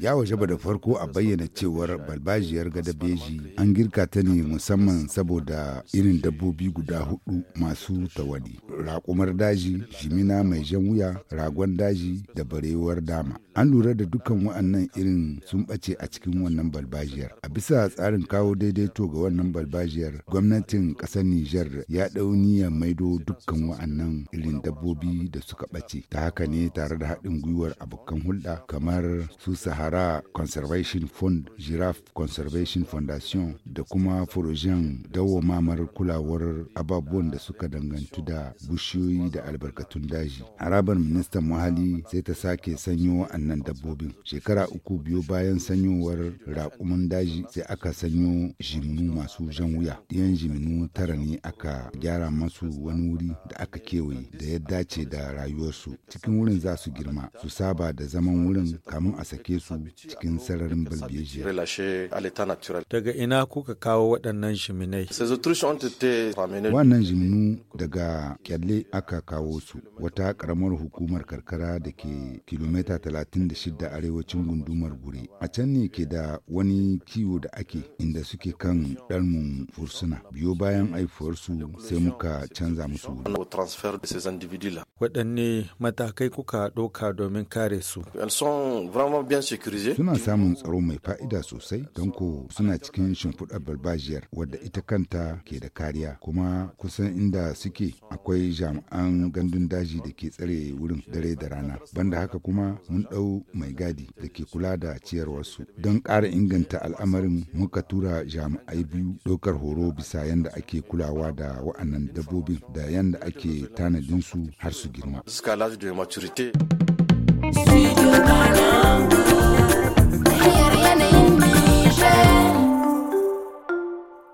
Ya waje ba da farko a bayyana cewar balbajiyar beji an girka ta ne musamman saboda irin dabbobi guda hudu masu tawali. Raƙumar daji, jimina mai jan wuya, ragon daji da barewar dama. An lura da dukkan wa'annan irin sun bace a cikin wannan balbajiyar. A bisa tsarin kawo daidaito ga wannan balbajiyar, gwamnatin ƙasar Nijar ya ɗau niyyar maido dukkan wa'annan irin dabbobi da suka ɓace ta haka ne tare da haɗin gwiwar abokan hulɗa kamar su sahara conservation fund giraffe conservation foundation da kuma furojen dawamamar kulawar ababuwan da suka dangantu da bushiyoyi da albarkatun daji harabar ministan muhalli sai ta sake sanyo wa'annan dabbobin shekara uku biyu bayan sanyowar raƙumin daji sai aka sanyo jiminu masu jan wuya ɗiyan jiminu tara ne aka gyara masu wani wuri da aka kewaye da ya dace da rayuwarsu cikin wurin za su girma su saba da zaman wurin kamun a sake su cikin sararin balbejiya. Daga ina kuka kawo waɗannan shiminai? Wannan jiminu daga kyalle aka kawo su wata karamar hukumar karkara da ke kilomita 36 arewacin gundumar gure. A can ne ke da wani kiwo da ake inda suke kan ɗarmun fursuna. Biyo bayan aifuwarsu sai muka canza musu wuri. Vidila. waɗanne matakai kuka ɗauka domin kare su. Suna samun tsaro mai fa'ida sosai don ko suna cikin shimfiɗar barbajiyar wadda ita kanta ke da kariya kuma kusan inda suke akwai jami'an gandun daji da ke tsare wurin dare da rana. Banda haka kuma mun ɗau mai gadi da ke kula da ciyarwarsu. Don ƙara inganta al'amarin muka tura jami'ai biyu ɗaukar horo bisa yanda ake kulawa da wa'annan dabbobin da yanda ake tanadinsu har su jusqu'à l'âge de maturité